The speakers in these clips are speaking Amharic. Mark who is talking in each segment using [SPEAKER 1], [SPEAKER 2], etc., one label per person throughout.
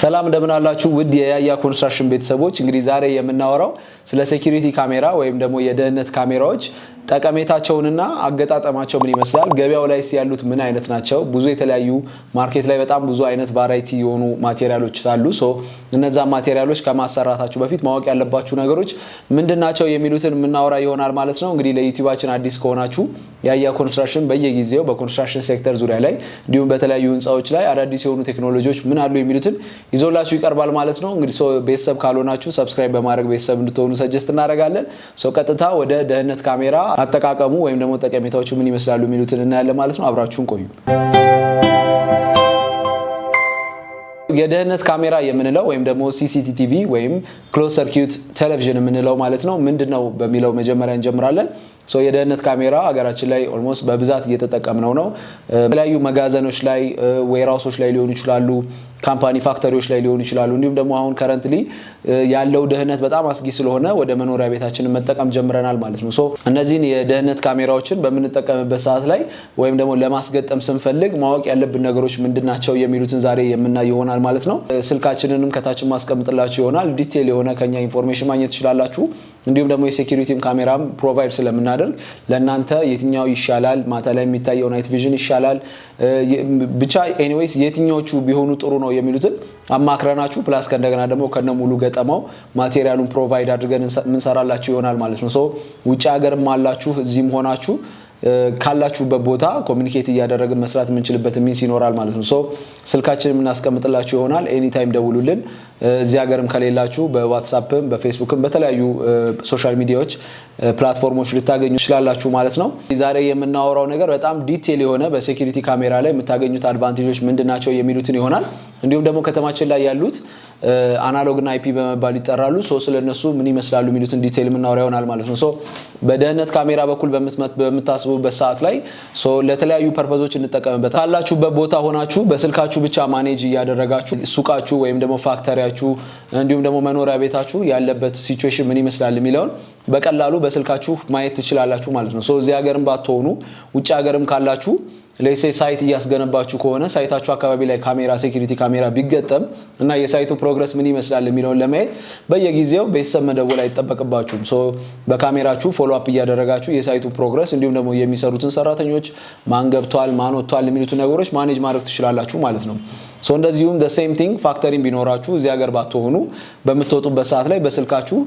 [SPEAKER 1] ሰላም እንደምናላችሁ ውድ የያያ ኮንስትራክሽን ቤተሰቦች። እንግዲህ ዛሬ የምናወራው ስለ ሴኪሪቲ ካሜራ ወይም ደግሞ የደህንነት ካሜራዎች ጠቀሜታቸውንና አገጣጠማቸው ምን ይመስላል፣ ገበያው ላይ ያሉት ምን አይነት ናቸው። ብዙ የተለያዩ ማርኬት ላይ በጣም ብዙ አይነት ቫራይቲ የሆኑ ማቴሪያሎች አሉ። ሶ እነዛ ማቴሪያሎች ከማሰራታችሁ በፊት ማወቅ ያለባችሁ ነገሮች ምንድን ናቸው የሚሉትን የምናወራ ይሆናል ማለት ነው። እንግዲህ ለዩቲዩባችን አዲስ ከሆናችሁ ያያ ኮንስትራክሽን በየጊዜው በኮንስትራክሽን ሴክተር ዙሪያ ላይ እንዲሁም በተለያዩ ህንፃዎች ላይ አዳዲስ የሆኑ ቴክኖሎጂዎች ምን አሉ የሚሉትን ይዞላችሁ ይቀርባል ማለት ነው። እንግዲህ ቤተሰብ ካልሆናችሁ ሰብስክራይብ በማድረግ ቤተሰብ እንድትሆኑ ሰጀስት እናደርጋለን። ቀጥታ ወደ ደህንነት ካሜራ አጠቃቀሙ ወይም ደግሞ ጠቀሜታዎቹ ምን ይመስላሉ የሚሉትን እናያለን ማለት ነው። አብራችሁን ቆዩ። የደህንነት ካሜራ የምንለው ወይም ደግሞ ሲሲቲቪ ወይም ክሎዝ ሰርኪዩት ቴሌቪዥን የምንለው ማለት ነው ምንድን ነው በሚለው መጀመሪያ እንጀምራለን። የደህንነት ካሜራ ሀገራችን ላይ ኦልሞስት በብዛት እየተጠቀምነው ነው። የተለያዩ መጋዘኖች ላይ ዌራውሶች ላይ ሊሆኑ ይችላሉ፣ ካምፓኒ ፋክተሪዎች ላይ ሊሆኑ ይችላሉ። እንዲሁም ደግሞ አሁን ከረንትሊ ያለው ደህንነት በጣም አስጊ ስለሆነ ወደ መኖሪያ ቤታችንን መጠቀም ጀምረናል ማለት ነው። ሶ እነዚህን የደህንነት ካሜራዎችን በምንጠቀምበት ሰዓት ላይ ወይም ደግሞ ለማስገጠም ስንፈልግ ማወቅ ያለብን ነገሮች ምንድናቸው የሚሉትን ዛሬ የምናይ ይሆናል ማለት ነው። ስልካችንንም ከታችን ማስቀምጥላችሁ ይሆናል። ዲቴል የሆነ ከኛ ኢንፎርሜሽን ማግኘት ትችላላችሁ። እንዲሁም ደግሞ የሴኪሪቲም ካሜራም ፕሮቫይድ ስለምናደርግ ለእናንተ የትኛው ይሻላል፣ ማታ ላይ የሚታየው ናይት ቪዥን ይሻላል፣ ብቻ ኤኒዌይስ የትኛዎቹ ቢሆኑ ጥሩ ነው የሚሉትን አማክረናችሁ ፕላስ ከእንደገና ደግሞ ከነ ሙሉ ገጠመው ማቴሪያሉን ፕሮቫይድ አድርገን ምንሰራላችሁ ይሆናል ማለት ነው። ሶ ውጭ ሀገርም አላችሁ እዚህም ሆናችሁ ካላችሁበት ቦታ ኮሚኒኬት እያደረግን መስራት የምንችልበት ሚንስ ይኖራል ማለት ነው። ሶ ስልካችን የምናስቀምጥላችሁ ይሆናል። ኤኒታይም ደውሉልን። እዚህ ሀገርም ከሌላችሁ በዋትሳፕም በፌስቡክም በተለያዩ ሶሻል ሚዲያዎች ፕላትፎርሞች ልታገኙ ትችላላችሁ ማለት ነው። ዛሬ የምናወራው ነገር በጣም ዲቴል የሆነ በሴኪሪቲ ካሜራ ላይ የምታገኙት አድቫንቴጆች ምንድናቸው የሚሉትን ይሆናል እንዲሁም ደግሞ ከተማችን ላይ ያሉት አናሎግ እና አይፒ በመባል ይጠራሉ። ሰው ስለነሱ ምን ይመስላሉ የሚሉትን ዲቴይል የምናወራ ይሆናል ማለት ነው። በደህንነት ካሜራ በኩል በምታስቡበት ሰዓት ላይ ለተለያዩ ፐርፐዞች እንጠቀምበት ካላችሁበት ቦታ ሆናችሁ በስልካችሁ ብቻ ማኔጅ እያደረጋችሁ ሱቃችሁ ወይም ደግሞ ፋክተሪያችሁ እንዲሁም ደግሞ መኖሪያ ቤታችሁ ያለበት ሲቹዌሽን ምን ይመስላል የሚለውን በቀላሉ በስልካችሁ ማየት ትችላላችሁ ማለት ነው። እዚህ ሀገርም ባትሆኑ ውጭ ሀገርም ካላችሁ ለሴ ሳይት እያስገነባችሁ ከሆነ ሳይታችሁ አካባቢ ላይ ካሜራ ሴኪሪቲ ካሜራ ቢገጠም እና የሳይቱ ፕሮግረስ ምን ይመስላል የሚለውን ለማየት በየጊዜው ቤተሰብ መደወል አይጠበቅባችሁም። ሶ በካሜራችሁ ፎሎ አፕ እያደረጋችሁ የሳይቱ ፕሮግረስ እንዲሁም ደግሞ የሚሰሩትን ሰራተኞች ማን ገብቷል፣ ማን ወጥቷል ነገሮች ማኔጅ ማድረግ ትችላላችሁ ማለት ነው። ሶ እንደዚሁም ሴም ቲንግ ፋክተሪን ቢኖራችሁ እዚህ ሀገር ባትሆኑ በምትወጡበት ሰዓት ላይ በስልካችሁ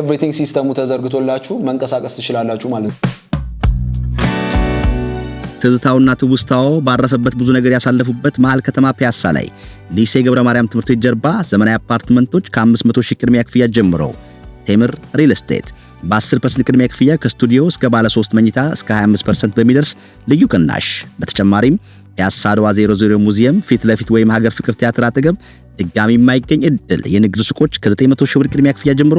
[SPEAKER 1] ኤቭሪቲንግ ሲስተሙ ተዘርግቶላችሁ መንቀሳቀስ ትችላላችሁ ማለት ነው።
[SPEAKER 2] ትዝታውና ትውስታው ባረፈበት ብዙ ነገር ያሳለፉበት መሃል ከተማ ፒያሳ ላይ ሊሴ ገብረ ማርያም ትምህርት ቤት ጀርባ ዘመናዊ አፓርትመንቶች ከ500 ሺህ ቅድሚያ ክፍያ ጀምሮ ቴምር ሪል ስቴት በ10% ቅድሚያ ክፍያ ከስቱዲዮ እስከ ባለ 3 መኝታ እስከ 25% በሚደርስ ልዩ ቅናሽ። በተጨማሪም ፒያሳ አድዋ 00 ሙዚየም ፊት ለፊት ወይም ሀገር ፍቅር ቲያትር አጠገብ ድጋሚ የማይገኝ እድል የንግድ ሱቆች ከ900 ሺህ ብር ቅድሚያ ክፍያ ጀምሮ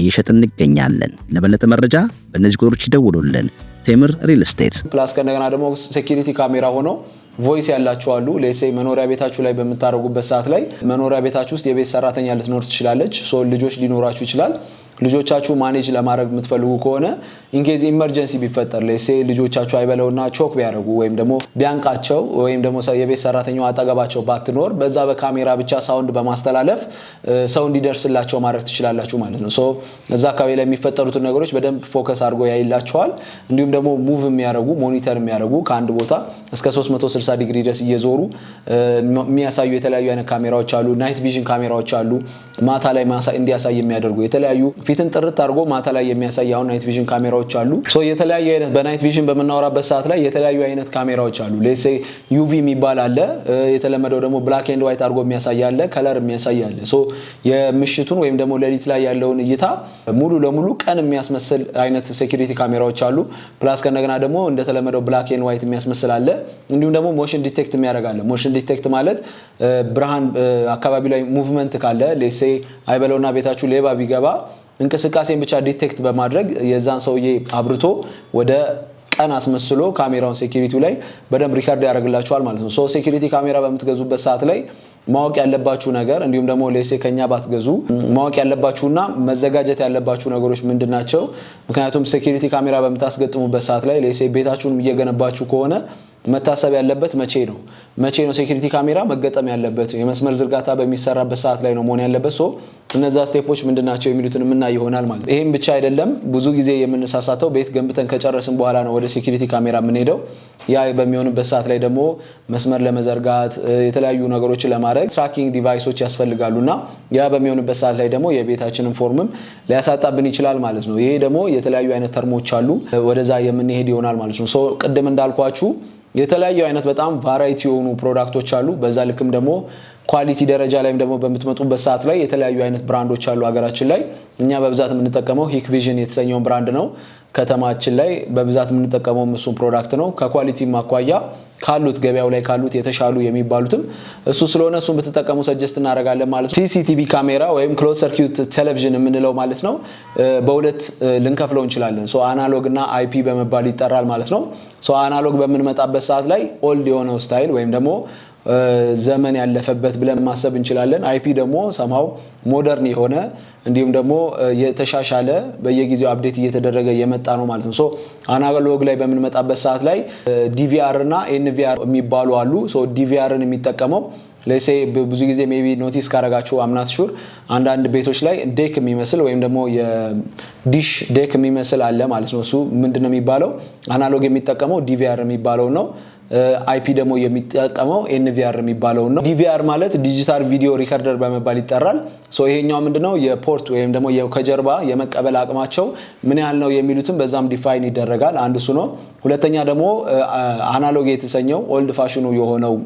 [SPEAKER 2] እየሸጥን እንገኛለን። ለበለጠ መረጃ በእነዚህ ቁጥሮች ይደውሉልን። ቴምር ሪል ስቴት
[SPEAKER 1] ፕላስ ከእንደገና ደግሞ ሴኪሪቲ ካሜራ ሆነው ቮይስ ያላችሁ አሉ። ሌሴ መኖሪያ ቤታችሁ ላይ በምታደርጉበት ሰዓት ላይ መኖሪያ ቤታችሁ ውስጥ የቤት ሰራተኛ ልትኖር ትችላለች። ሶ ልጆች ሊኖራችሁ ይችላል። ልጆቻችሁ ማኔጅ ለማድረግ የምትፈልጉ ከሆነ ኢንኬዝ ኢመርጀንሲ ቢፈጠር ሌሴ ልጆቻችሁ አይበለውና ቾክ ቢያደርጉ ወይም ደግሞ ቢያንቃቸው ወይም ደግሞ የቤት ሰራተኛው አጠገባቸው ባትኖር በዛ በካሜራ ብቻ ሳውንድ በማስተላለፍ ሰው እንዲደርስላቸው ማድረግ ትችላላችሁ ማለት ነው። ሶ እዛ አካባቢ ላይ የሚፈጠሩትን ነገሮች በደንብ ፎከስ አድርጎ ያይላቸዋል። እንዲሁም ደግሞ ሙቭ የሚያደርጉ ሞኒተር የሚያደርጉ ከአንድ ቦታ እስከ 60 ዲግሪ ድረስ እየዞሩ የሚያሳዩ የተለያዩ አይነት ካሜራዎች አሉ። ናይት ቪዥን ካሜራዎች አሉ። ማታ ላይ እንዲያሳይ የሚያደርጉ የተለያዩ ፊትን ጥርት አድርጎ ማታ ላይ የሚያሳይ አሁን ናይት ቪዥን ካሜራዎች አሉ። የተለያዩ አይነት በናይት ቪዥን በምናወራበት ሰዓት ላይ የተለያዩ አይነት ካሜራዎች አሉ። ሌሴ ዩቪ የሚባል አለ። የተለመደው ደግሞ ብላክ ኤንድ ዋይት አድርጎ የሚያሳይ አለ። ከለር የሚያሳይ አለ። የምሽቱን ወይም ደግሞ ሌሊት ላይ ያለውን እይታ ሙሉ ለሙሉ ቀን የሚያስመስል አይነት ሴኪሪቲ ካሜራዎች አሉ። ፕላስ ከእንደገና ደግሞ እንደተለመደው ብላክ ኤንድ ዋይት የሚያስመስል አለ። እንዲሁም ደግሞ ሞሽን ዲቴክት የሚያደርጋለ። ሞሽን ዲቴክት ማለት ብርሃን አካባቢ ላይ ሙቭመንት ካለ ሌሴ አይበለውና ቤታችሁ ሌባ ቢገባ እንቅስቃሴን ብቻ ዲቴክት በማድረግ የዛን ሰውዬ አብርቶ ወደ ቀን አስመስሎ ካሜራውን ሴኪሪቲ ላይ በደንብ ሪካርድ ያደርግላችኋል ማለት ነው። ሶ ሴኪሪቲ ካሜራ በምትገዙበት ሰዓት ላይ ማወቅ ያለባችሁ ነገር እንዲሁም ደግሞ ሌሴ ከኛ ባትገዙ ማወቅ ያለባችሁና መዘጋጀት ያለባችሁ ነገሮች ምንድን ናቸው? ምክንያቱም ሴኪሪቲ ካሜራ በምታስገጥሙበት ሰዓት ላይ ሌሴ ቤታችሁን እየገነባችሁ ከሆነ መታሰብ ያለበት መቼ ነው? መቼ ነው ሴኩሪቲ ካሜራ መገጠም ያለበት? የመስመር ዝርጋታ በሚሰራበት ሰዓት ላይ ነው መሆን ያለበት። ሶ እነዛ ስቴፖች ምንድናቸው ናቸው የሚሉትን ምና ይሆናል ማለት ይህም ብቻ አይደለም። ብዙ ጊዜ የምንሳሳተው ቤት ገንብተን ከጨረስን በኋላ ነው ወደ ሴኩሪቲ ካሜራ የምንሄደው። ያ በሚሆንበት ሰዓት ላይ ደግሞ መስመር ለመዘርጋት የተለያዩ ነገሮችን ለማድረግ ትራኪንግ ዲቫይሶች ያስፈልጋሉ እና ያ በሚሆንበት ሰዓት ላይ ደግሞ የቤታችንን ፎርምም ሊያሳጣብን ይችላል ማለት ነው። ይሄ ደግሞ የተለያዩ አይነት ተርሞች አሉ። ወደዛ የምንሄድ ይሆናል ማለት ነው። ቅድም እንዳልኳችሁ የተለያዩ አይነት በጣም ቫራይቲ የሆኑ ፕሮዳክቶች አሉ። በዛ ልክም ደግሞ ኳሊቲ ደረጃ ላይም ደግሞ በምትመጡበት ሰዓት ላይ የተለያዩ አይነት ብራንዶች አሉ ሀገራችን ላይ። እኛ በብዛት የምንጠቀመው ሂክ ቪዥን የተሰኘውን ብራንድ ነው። ከተማችን ላይ በብዛት የምንጠቀመው እሱን ፕሮዳክት ነው። ከኳሊቲ አኳያ ካሉት ገበያው ላይ ካሉት የተሻሉ የሚባሉትም እሱ ስለሆነ እሱን ብትጠቀሙ ሰጀስት እናደርጋለን ማለት ነው። ሲሲቲቪ ካሜራ ወይም ክሎዝ ሰርኪዩት ቴሌቪዥን የምንለው ማለት ነው። በሁለት ልንከፍለው እንችላለን። ሶ አናሎግ እና አይፒ በመባል ይጠራል ማለት ነው። ሶ አናሎግ በምንመጣበት ሰዓት ላይ ኦልድ የሆነው ስታይል ወይም ደግሞ ዘመን ያለፈበት ብለን ማሰብ እንችላለን። አይፒ ደግሞ ሰማው ሞደርን የሆነ እንዲሁም ደግሞ የተሻሻለ በየጊዜው አፕዴት እየተደረገ የመጣ ነው ማለት ነው። ሶ አናሎግ ላይ በምንመጣበት ሰዓት ላይ ዲቪአር እና ኤንቪአር የሚባሉ አሉ። ሶ ዲቪአርን የሚጠቀመው ለሴ ብዙ ጊዜ ቢ ኖቲስ ካረጋችሁ አምናት ሹር አንዳንድ ቤቶች ላይ ዴክ የሚመስል ወይም ደግሞ የዲሽ ዴክ የሚመስል አለ ማለት ነው። እሱ ምንድነው የሚባለው? አናሎግ የሚጠቀመው ዲቪአር የሚባለው ነው። አይፒ ደግሞ የሚጠቀመው ኤንቪአር የሚባለው ነው። ዲቪአር ማለት ዲጂታል ቪዲዮ ሪከርደር በመባል ይጠራል። ሶ ይሄኛው ምንድነው የፖርት ወይም ደግሞ ከጀርባ የመቀበል አቅማቸው ምን ያህል ነው የሚሉትም በዛም ዲፋይን ይደረጋል። አንድ እሱ ነው። ሁለተኛ ደግሞ አናሎግ የተሰኘው ኦልድ ፋሽኑ የሆነው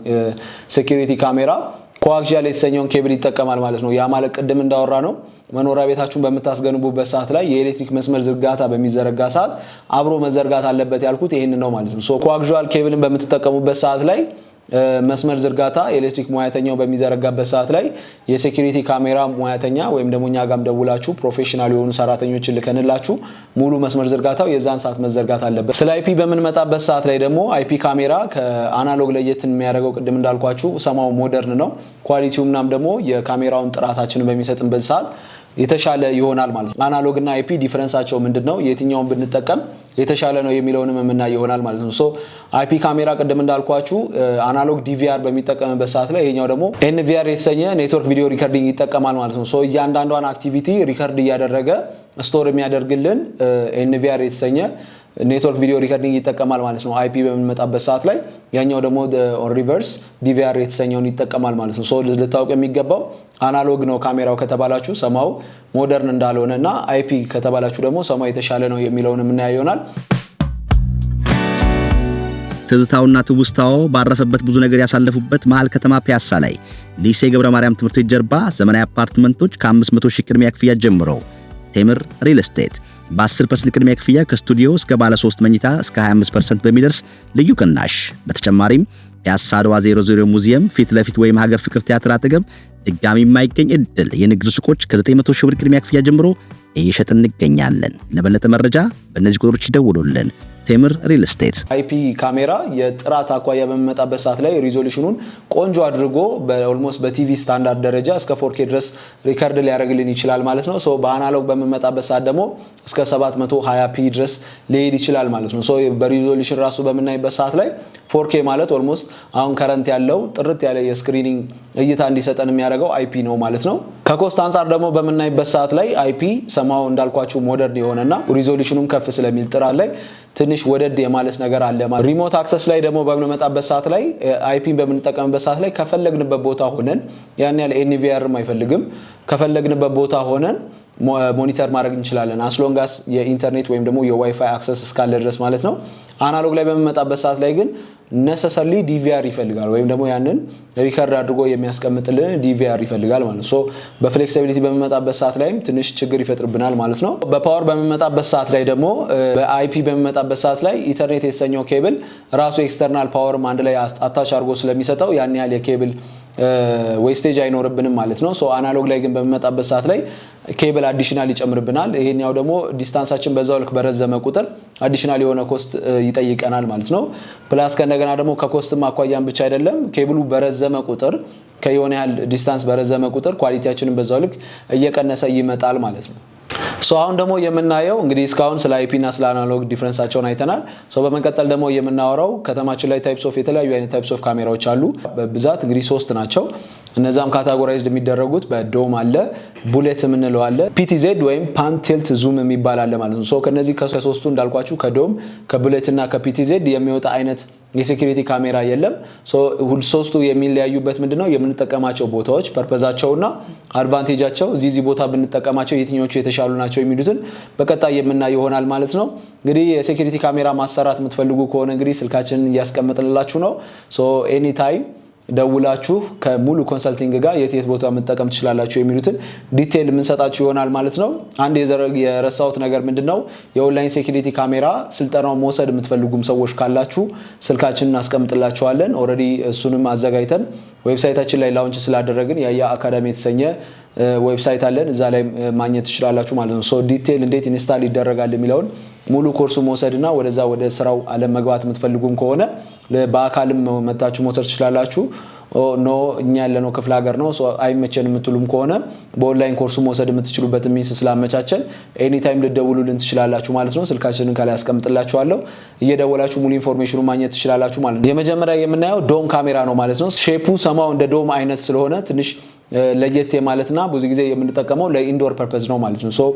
[SPEAKER 1] ሴኪሪቲ ካሜራ ኮአክሻል የተሰኘውን ኬብል ይጠቀማል ማለት ነው። ያ ማለት ቅድም እንዳወራ ነው መኖሪያ ቤታችሁን በምታስገንቡበት ሰዓት ላይ የኤሌክትሪክ መስመር ዝርጋታ በሚዘረጋ ሰዓት አብሮ መዘርጋት አለበት ያልኩት ይህን ነው ማለት ነው። ኮአክሻል ኬብልን በምትጠቀሙበት ሰዓት ላይ መስመር ዝርጋታ የኤሌክትሪክ ሙያተኛው በሚዘረጋበት ሰዓት ላይ የሴኪሪቲ ካሜራ ሙያተኛ ወይም ደግሞ እኛ ጋም ደውላችሁ ፕሮፌሽናል የሆኑ ሰራተኞችን ልከንላችሁ ሙሉ መስመር ዝርጋታው የዛን ሰዓት መዘርጋት አለበት። ስለ አይፒ በምንመጣበት ሰዓት ላይ ደግሞ አይፒ ካሜራ ከአናሎግ ለየትን የሚያደርገው ቅድም እንዳልኳችሁ ሰማው ሞደርን ነው። ኳሊቲው ምናም ደግሞ የካሜራውን ጥራታችንን በሚሰጥንበት ሰዓት የተሻለ ይሆናል ማለት ነው። አናሎግና አይፒ ዲፍረንሳቸው ምንድን ነው? የትኛውን ብንጠቀም የተሻለ ነው የሚለውንም የምናይ ይሆናል ማለት ነው። ሶ አይፒ ካሜራ ቅድም እንዳልኳችሁ አናሎግ ዲቪአር በሚጠቀምበት ሰዓት ላይ ይሄኛው ደግሞ ኤንቪአር የተሰኘ ኔትወርክ ቪዲዮ ሪከርዲንግ ይጠቀማል ማለት ነው። ሶ እያንዳንዷን አክቲቪቲ ሪከርድ እያደረገ ስቶር የሚያደርግልን ኤንቪአር የተሰኘ ኔትወርክ ቪዲዮ ሪከርዲንግ ይጠቀማል ማለት ነው። አይፒ በምንመጣበት ሰዓት ላይ ያኛው ደግሞ ሪቨርስ ዲቪአር የተሰኘውን ይጠቀማል ማለት ነው። ሶ ልታውቅ የሚገባው አናሎግ ነው ካሜራው ከተባላችሁ ሰማው ሞደርን እንዳልሆነ እና አይፒ ከተባላችሁ ደግሞ ሰማው የተሻለ ነው የሚለውን የምናየው ይሆናል።
[SPEAKER 2] ትዝታውና ትውስታው ባረፈበት ብዙ ነገር ያሳለፉበት መሀል ከተማ ፒያሳ ላይ ሊሴ ገብረ ማርያም ትምህርት ቤት ጀርባ ዘመናዊ አፓርትመንቶች ከ500 ሺህ ቅድሚያ ክፍያ ጀምሮ ቴምር ሪል ስቴት በ10% ቅድሚያ ክፍያ ከስቱዲዮ እስከ ባለ 3 መኝታ እስከ 25% በሚደርስ ልዩ ቅናሽ። በተጨማሪም ፒያሳ አድዋ 00 ሙዚየም ፊት ለፊት ወይም ሀገር ፍቅር ቲያትር አጠገብ ድጋሚ የማይገኝ እድል። የንግድ ሱቆች ከ900 ሺህ ብር ቅድሚያ ክፍያ ጀምሮ እየሸጥ እንገኛለን። ለበለጠ መረጃ በእነዚህ ቁጥሮች ይደውሉልን። ቴምር ሪል ስቴት
[SPEAKER 1] አይፒ ካሜራ የጥራት አኳያ በሚመጣበት ሰዓት ላይ ሪዞሉሽኑን ቆንጆ አድርጎ ኦልሞስት በቲቪ ስታንዳርድ ደረጃ እስከ ፎርኬ ድረስ ሪከርድ ሊያደርግልን ይችላል ማለት ነው። በአናሎግ በሚመጣበት ሰዓት ደግሞ እስከ 720 ፒ ድረስ ሊሄድ ይችላል ማለት ነው። በሪዞሉሽን ራሱ በምናይበት ሰዓት ላይ ፎርኬ ማለት ኦልሞስት አሁን ከረንት ያለው ጥርት ያለ የስክሪኒንግ እይታ እንዲሰጠን የሚያደርገው አይፒ ነው ማለት ነው። ከኮስት አንጻር ደግሞ በምናይበት ሰዓት ላይ አይፒ ሰማው እንዳልኳችሁ ሞደርን የሆነና ሪዞሉሽኑም ከፍ ስለሚል ጥራት ላይ ትንሽ ወደድ የማለት ነገር አለ ሪሞት አክሰስ ላይ ደግሞ በምንመጣበት ሰዓት ላይ አይፒን eh, በምንጠቀምበት ሰዓት ላይ ከፈለግንበት ቦታ ሆነን ያን ያለ ኤንቪአርም አይፈልግም። ከፈለግንበት ቦታ ሆነን ሞኒተር ማድረግ እንችላለን አስሎንጋስ የኢንተርኔት ወይም ደግሞ የዋይፋይ አክሰስ እስካለ ድረስ ማለት ነው። አናሎግ ላይ በምንመጣበት ሰዓት ላይ ግን ነሰሰርሊ ዲቪአር ይፈልጋል ወይም ደግሞ ያንን ሪከርድ አድርጎ የሚያስቀምጥልን ዲቪአር ይፈልጋል ማለት ነው። በፍሌክሲቢሊቲ በሚመጣበት ሰዓት ላይም ትንሽ ችግር ይፈጥርብናል ማለት ነው። በፓወር በሚመጣበት ሰዓት ላይ ደግሞ በአይፒ በሚመጣበት ሰዓት ላይ ኢንተርኔት የተሰኘው ኬብል ራሱ ኤክስተርናል ፓወርም አንድ ላይ አታች አድርጎ ስለሚሰጠው ያን ያህል የኬብል ዌስቴጅ አይኖርብንም ማለት ነው። ሶ አናሎግ ላይ ግን በሚመጣበት ሰዓት ላይ ኬብል አዲሽናል ይጨምርብናል። ይሄኛው ደግሞ ዲስታንሳችን በዛው ልክ በረዘመ ቁጥር አዲሽናል የሆነ ኮስት ይጠይቀናል ማለት ነው። ፕላስ ከእንደገና ደግሞ ከኮስትም አኳያን ብቻ አይደለም ኬብሉ በረዘመ ቁጥር ከየሆነ ያህል ዲስታንስ በረዘመ ቁጥር ኳሊቲያችንን በዛው ልክ እየቀነሰ ይመጣል ማለት ነው። ሶ አሁን ደግሞ የምናየው እንግዲህ እስካሁን ስለ አይፒ እና ስለ አናሎግ ዲፍረንሳቸውን አይተናል። ሶ በመቀጠል ደግሞ የምናወራው ከተማችን ላይ ታይፕስ ኦፍ የተለያዩ አይነት ታይፕስ ኦፍ ካሜራዎች አሉ። በብዛት እንግዲህ ሶስት ናቸው። እነዛም ካታጎራይዝድ የሚደረጉት በዶም አለ ቡሌት የምንለው አለ። ፒቲዜድ ወይም ፓንቴልት ዙም የሚባል አለ ማለት ነው። ከነዚህ ከሶስቱ እንዳልኳችሁ ከዶም ከቡሌት እና ከፒቲዜድ የሚወጣ አይነት የሴኪሪቲ ካሜራ የለም። ሶስቱ የሚለያዩበት ምንድነው? የምንጠቀማቸው ቦታዎች ፐርፐዛቸውና አድቫንቴጃቸው እዚህ እዚህ ቦታ ብንጠቀማቸው የትኞቹ የተሻሉ ናቸው የሚሉትን በቀጣይ የምናይ ይሆናል ማለት ነው። እንግዲህ የሴኪሪቲ ካሜራ ማሰራት የምትፈልጉ ከሆነ እንግዲህ ስልካችንን እያስቀመጥንላችሁ ነው ኤኒ ታይም ደውላችሁ ከሙሉ ኮንሰልቲንግ ጋር የት የት ቦታ መጠቀም ትችላላችሁ የሚሉትን ዲቴይል የምንሰጣችሁ ይሆናል ማለት ነው። አንድ የረሳሁት ነገር ምንድን ነው፣ የኦንላይን ሴኪሪቲ ካሜራ ስልጠናው መውሰድ የምትፈልጉም ሰዎች ካላችሁ ስልካችንን እናስቀምጥላችኋለን። ኦልሬዲ እሱንም አዘጋጅተን ዌብሳይታችን ላይ ላውንች ስላደረግን ያያ አካዳሚ የተሰኘ ዌብሳይት አለን። እዛ ላይ ማግኘት ትችላላችሁ ማለት ነው። ሶ ዲቴይል እንዴት ኢንስታል ይደረጋል የሚለውን ሙሉ ኮርሱ መውሰድና ወደዛ ወደ ስራው አለም መግባት የምትፈልጉም ከሆነ በአካልም መታችሁ መውሰድ ትችላላችሁ። ኖ እኛ ያለነው ክፍለ ሀገር ነው አይመቸን የምትሉም ከሆነ በኦንላይን ኮርሱ መውሰድ የምትችሉበት ሚንስ ስላመቻቸን ኤኒታይም ልደውሉልን ትችላላችሁ ማለት ነው። ስልካችንን ከላይ ያስቀምጥላችኋለሁ። እየደወላችሁ ሙሉ ኢንፎርሜሽኑ ማግኘት ትችላላችሁ ማለት ነው። የመጀመሪያ የምናየው ዶም ካሜራ ነው ማለት ነው። ሼፑ ሰማው እንደ ዶም አይነት ስለሆነ ትንሽ ለየት የማለትና ብዙ ጊዜ የምንጠቀመው ለኢንዶር ፐርፐዝ ነው ማለት ነው።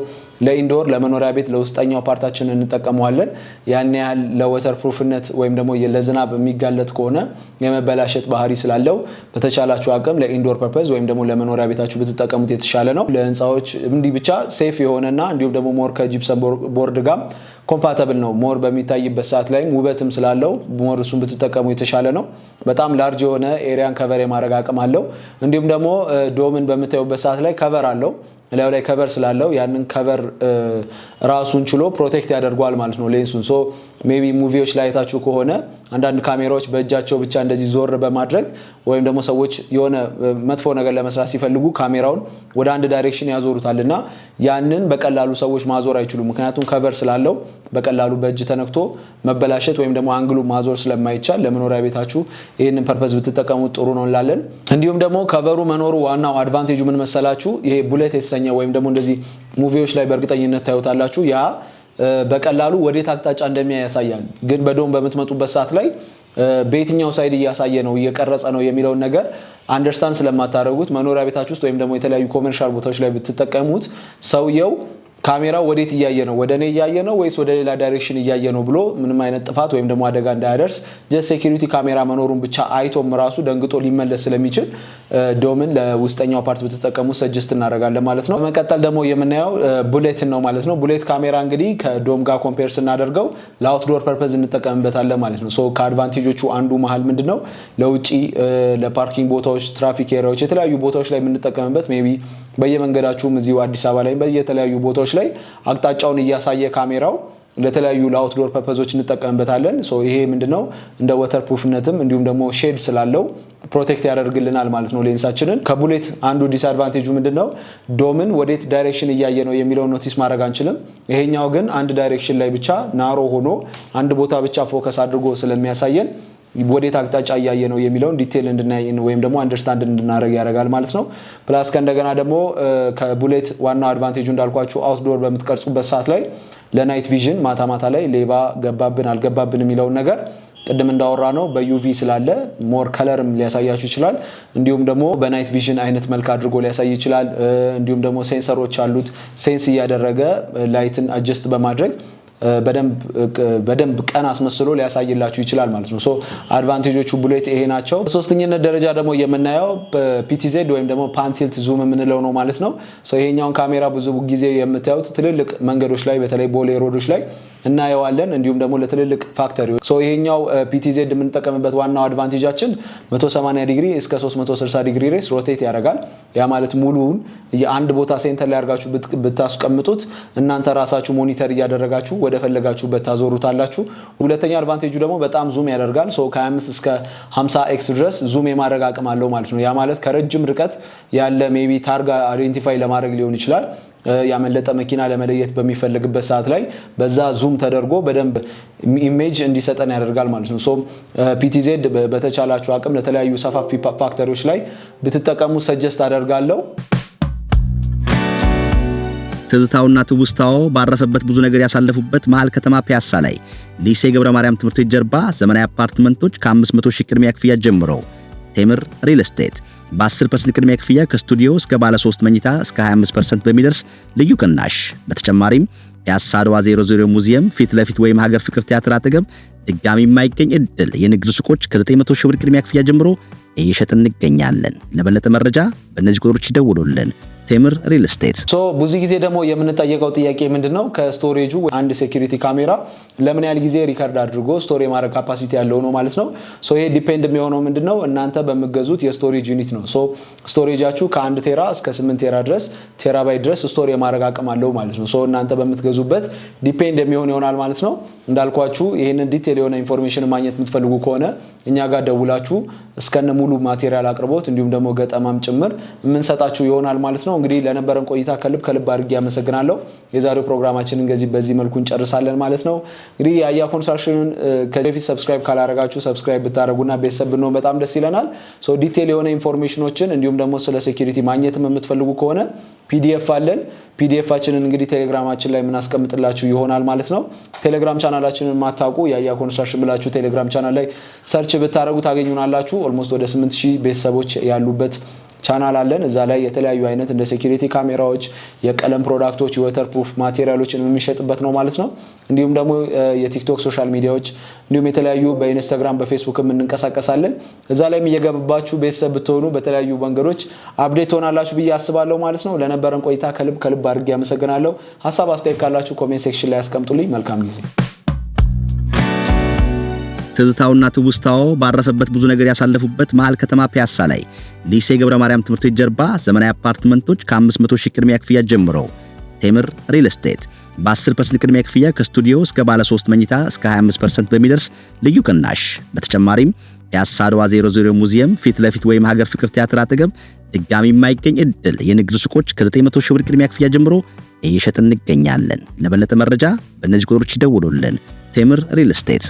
[SPEAKER 1] ለኢንዶር ለመኖሪያ ቤት ለውስጠኛው ፓርታችን እንጠቀመዋለን። ያን ያህል ለወተር ፕሩፍነት ወይም ደግሞ ለዝናብ የሚጋለጥ ከሆነ የመበላሸት ባህሪ ስላለው በተቻላችሁ አቅም ለኢንዶር ፐርፐዝ ወይም ደግሞ ለመኖሪያ ቤታችሁ ብትጠቀሙት የተሻለ ነው። ለህንፃዎች እንዲህ ብቻ ሴፍ የሆነና እንዲሁም ደግሞ ሞር ከጂፕሰን ቦርድ ጋር ኮምፓተብል ነው። ሞር በሚታይበት ሰዓት ላይም ውበትም ስላለው ሞር እሱን ብትጠቀሙ የተሻለ ነው። በጣም ላርጅ የሆነ ኤሪያን ከቨር የማድረግ አቅም አለው። እንዲሁም ደግሞ ዶምን በምታዩበት ሰዓት ላይ ከቨር አለው ላዩ ላይ ከቨር ስላለው ያንን ከቨር ራሱን ችሎ ፕሮቴክት ያደርጓል ማለት ነው ሌንሱን ሶ ቢ ሙቪዎች ላይ አይታችሁ ከሆነ አንዳንድ ካሜራዎች በእጃቸው ብቻ እንደዚህ ዞር በማድረግ ወይም ደግሞ ሰዎች የሆነ መጥፎ ነገር ለመስራት ሲፈልጉ ካሜራውን ወደ አንድ ዳይሬክሽን ያዞሩታል እና ያንን በቀላሉ ሰዎች ማዞር አይችሉም። ምክንያቱም ከቨር ስላለው በቀላሉ በእጅ ተነክቶ መበላሸት ወይም ደግሞ አንግሉ ማዞር ስለማይቻል ለመኖሪያ ቤታችሁ ይህንን ፐርፐዝ ብትጠቀሙ ጥሩ ነው እንላለን። እንዲሁም ደግሞ ከቨሩ መኖሩ ዋናው አድቫንቴጁ ምን መሰላችሁ? ይሄ ቡሌት የተሰኘ ወይም ደግሞ እንደዚህ ሙቪዎች ላይ በእርግጠኝነት ታዩታላችሁ ያ በቀላሉ ወዴት አቅጣጫ እንደሚያይ ያሳያል። ግን በዶም በምትመጡበት ሰዓት ላይ በየትኛው ሳይድ እያሳየ ነው እየቀረጸ ነው የሚለውን ነገር አንደርስታንድ ስለማታደርጉት መኖሪያ ቤታችሁ ውስጥ ወይም ደግሞ የተለያዩ ኮመርሻል ቦታዎች ላይ ብትጠቀሙት ሰውየው ካሜራው ወዴት እያየ ነው? ወደ እኔ እያየ ነው ወይስ ወደ ሌላ ዳይሬክሽን እያየ ነው ብሎ ምንም አይነት ጥፋት ወይም ደግሞ አደጋ እንዳያደርስ ጀስት ሴኪሪቲ ካሜራ መኖሩን ብቻ አይቶም ራሱ ደንግጦ ሊመለስ ስለሚችል ዶምን ለውስጠኛው ፓርት ብትጠቀሙ ሰጅስት እናደርጋለን ማለት ነው። በመቀጠል ደግሞ የምናየው ቡሌትን ነው ማለት ነው። ቡሌት ካሜራ እንግዲህ ከዶም ጋር ኮምፔር ስናደርገው ለአውትዶር ፐርፐዝ እንጠቀምበታለን ማለት ነው። ከአድቫንቴጆቹ አንዱ መሀል ምንድን ነው ለውጭ ለፓርኪንግ ቦታዎች፣ ትራፊክ ኤሪያዎች፣ የተለያዩ ቦታዎች ላይ የምንጠቀምበት ሜይ ቢ በየመንገዳችሁም እዚሁ አዲስ አበባ ላይ በየተለያዩ ቦታዎች ላይ አቅጣጫውን እያሳየ ካሜራው ለተለያዩ ለአውትዶር ፐርፐዞች እንጠቀምበታለን። ይሄ ምንድነው እንደ ወተር ፕሩፍነትም እንዲሁም ደግሞ ሼድ ስላለው ፕሮቴክት ያደርግልናል ማለት ነው ሌንሳችንን። ከቡሌት አንዱ ዲስአድቫንቴጁ ምንድን ነው? ዶምን ወዴት ዳይሬክሽን እያየ ነው የሚለውን ኖቲስ ማድረግ አንችልም። ይሄኛው ግን አንድ ዳይሬክሽን ላይ ብቻ ናሮ ሆኖ አንድ ቦታ ብቻ ፎከስ አድርጎ ስለሚያሳየን ወዴት አቅጣጫ እያየ ነው የሚለውን ዲቴል እንድናይ ወይም ደግሞ አንደርስታንድ እንድናደረግ ያደርጋል ማለት ነው። ፕላስ ከእንደገና ደግሞ ከቡሌት ዋናው አድቫንቴጁ እንዳልኳችሁ አውትዶር በምትቀርጹበት ሰዓት ላይ ለናይት ቪዥን ማታ ማታ ላይ ሌባ ገባብን አልገባብን የሚለውን ነገር ቅድም እንዳወራ ነው በዩቪ ስላለ ሞር ከለርም ሊያሳያችሁ ይችላል። እንዲሁም ደግሞ በናይት ቪዥን አይነት መልክ አድርጎ ሊያሳይ ይችላል። እንዲሁም ደግሞ ሴንሰሮች አሉት። ሴንስ እያደረገ ላይትን አጀስት በማድረግ በደንብ ቀን አስመስሎ ሊያሳይላችሁ ይችላል ማለት ነው። አድቫንቴጆቹ ቡሌት ይሄ ናቸው። በሶስተኝነት ደረጃ ደግሞ የምናየው ፒቲዜድ ወይም ደግሞ ፓንቲልት ዙም የምንለው ነው ማለት ነው። ይሄኛውን ካሜራ ብዙ ጊዜ የምታዩት ትልልቅ መንገዶች ላይ በተለይ ቦሌ ሮዶች ላይ እናየዋለን እንዲሁም ደግሞ ለትልልቅ ፋክተሪ ይሄኛው uh, ፒቲዜድ የምንጠቀምበት ዋናው አድቫንቴጃችን 180 ዲግሪ እስከ 360 ዲግሪ ሬስ ሮቴት ያደርጋል። ያ ማለት ሙሉውን የአንድ ቦታ ሴንተር ላይ አድርጋችሁ ብታስቀምጡት እናንተ ራሳችሁ ሞኒተር እያደረጋችሁ ወደ ፈለጋችሁበት ታዞሩታላችሁ። ሁለተኛ አድቫንቴጁ ደግሞ በጣም ዙም ያደርጋል። ሶ ከ25 እስከ 50 ኤክስ ድረስ ዙም የማድረግ አቅም አለው ማለት ነው። ያ ማለት ከረጅም ርቀት ያለ ቢ ታርጋ አይዴንቲፋይ ለማድረግ ሊሆን ይችላል ያመለጠ መኪና ለመለየት በሚፈልግበት ሰዓት ላይ በዛ ዙም ተደርጎ በደንብ ኢሜጅ እንዲሰጠን ያደርጋል ማለት ነው። ሶ ፒቲዜድ በተቻላችሁ አቅም ለተለያዩ ሰፋፊ ፋክተሪዎች ላይ ብትጠቀሙ ሰጀስት አደርጋለሁ። ትዝታውና ትውስታው ባረፈበት ብዙ ነገር ያሳለፉበት መሃል ከተማ ፒያሳ ላይ ሊሴ ገብረ ማርያም ትምህርት ቤት ጀርባ ዘመናዊ አፓርትመንቶች ከ500 ሺህ ቅድሚያ ክፍያ ጀምሮ ቴምር ሪል ስቴት በ10 ፐርሰንት ቅድሚያ ክፍያ ከስቱዲዮ እስከ ባለ 3 መኝታ እስከ 25 ፐርሰንት በሚደርስ ልዩ ቅናሽ በተጨማሪም ፒያሳ አድዋ 00 ሙዚየም ፊት ለፊት ወይም ሀገር ፍቅር ቲያትር አጠገብ ድጋሚ የማይገኝ እድል የንግድ ሱቆች ከ900 ሺህ ብር ቅድሚያ ክፍያ ጀምሮ እየሸጥ እንገኛለን። ለበለጠ መረጃ በእነዚህ ቁጥሮች ይደውሉልን። ቴምር ሪል ስቴት። ብዙ ጊዜ ደግሞ የምንጠየቀው ጥያቄ ምንድን ነው? ከስቶሬጁ አንድ ሴኪሪቲ ካሜራ ለምን ያህል ጊዜ ሪከርድ አድርጎ ስቶሬ ማድረግ ካፓሲቲ ያለው ነው ማለት ነው። ይሄ ዲፔንድ የሚሆነው ምንድን ነው? እናንተ በምገዙት የስቶሬጅ ዩኒት ነው። ስቶሬጃችሁ ከአንድ ቴራ እስከ ስምንት ቴራ ድረስ ቴራባይት ድረስ ስቶሬ ማድረግ አቅም አለው ማለት ነው። እናንተ በምትገዙበት ዲፔንድ የሚሆን ይሆናል ማለት ነው። እንዳልኳችሁ ይህንን ዲቴል የሆነ ኢንፎርሜሽን ማግኘት የምትፈልጉ ከሆነ እኛ ጋር ደውላችሁ እስከነ ሙሉ ማቴሪያል አቅርቦት እንዲሁም ደግሞ ገጠማም ጭምር የምንሰጣችሁ ይሆናል ማለት ነው። እንግዲህ ለነበረን ቆይታ ከልብ ከልብ አድርጌ አመሰግናለሁ። የዛሬው ፕሮግራማችንን እንግዲህ በዚህ መልኩ እንጨርሳለን ማለት ነው። እንግዲህ የአያ ኮንስትራክሽንን ከዚህ በፊት ሰብስክራይብ ካላረጋችሁ ሰብስክራይብ ብታደረጉና ቤተሰብ ብንሆን በጣም ደስ ይለናል። ሶ ዲቴል የሆነ ኢንፎርሜሽኖችን እንዲሁም ደግሞ ስለ ሴኪሪቲ ማግኘትም የምትፈልጉ ከሆነ ፒዲኤፍ አለን። ፒዲኤፋችንን እንግዲህ ቴሌግራማችን ላይ የምናስቀምጥላችሁ ይሆናል ማለት ነው። ቴሌግራም ቻናላችንን ማታውቁ የአያ ኮንስትራክሽን ብላችሁ ቴሌግራም ቻናል ላይ ሰርች ብታደረጉ ታገኙናላችሁ። ኦልሞስት ወደ 8 ሺህ ቤተሰቦች ያሉበት ቻናል አለን። እዛ ላይ የተለያዩ አይነት እንደ ሴኪሪቲ ካሜራዎች፣ የቀለም ፕሮዳክቶች፣ የወተር ፕሩፍ ማቴሪያሎችን የምንሸጥበት ነው ማለት ነው። እንዲሁም ደግሞ የቲክቶክ ሶሻል ሚዲያዎች እንዲሁም የተለያዩ በኢንስታግራም በፌስቡክም እንንቀሳቀሳለን። እዛ ላይም እየገባችሁ ቤተሰብ ብትሆኑ በተለያዩ መንገዶች አፕዴት ትሆናላችሁ ብዬ አስባለሁ ማለት ነው። ለነበረን ቆይታ ከልብ ከልብ አድርጌ አመሰግናለሁ። ሀሳብ አስተያየት ካላችሁ ኮሜንት ሴክሽን ላይ ያስቀምጡልኝ። መልካም ጊዜ ትዝታውና ትውስታው ባረፈበት ብዙ ነገር ያሳለፉበት መሃል ከተማ ፒያሳ ላይ ሊሴ ገብረ ማርያም ትምህርት ቤት ጀርባ ዘመናዊ አፓርትመንቶች ከ500 ሺህ ቅድሚያ ክፍያ ጀምሮ ቴምር ሪል ስቴት በ10% ቅድሚያ ክፍያ ከስቱዲዮ እስከ ባለ 3 መኝታ እስከ 25% በሚደርስ ልዩ ቅናሽ። በተጨማሪም ፒያሳ አድዋ 00 ሙዚየም ፊት ለፊት ወይም ሀገር ፍቅር ቲያትር አጠገብ ድጋሚ የማይገኝ እድል። የንግድ ሱቆች ከ900 ሺህ ብር ቅድሚያ ክፍያ ጀምሮ እየሸጥ እንገኛለን። ለበለጠ መረጃ በእነዚህ ቁጥሮች ይደውሉልን። ቴምር ሪል ስቴት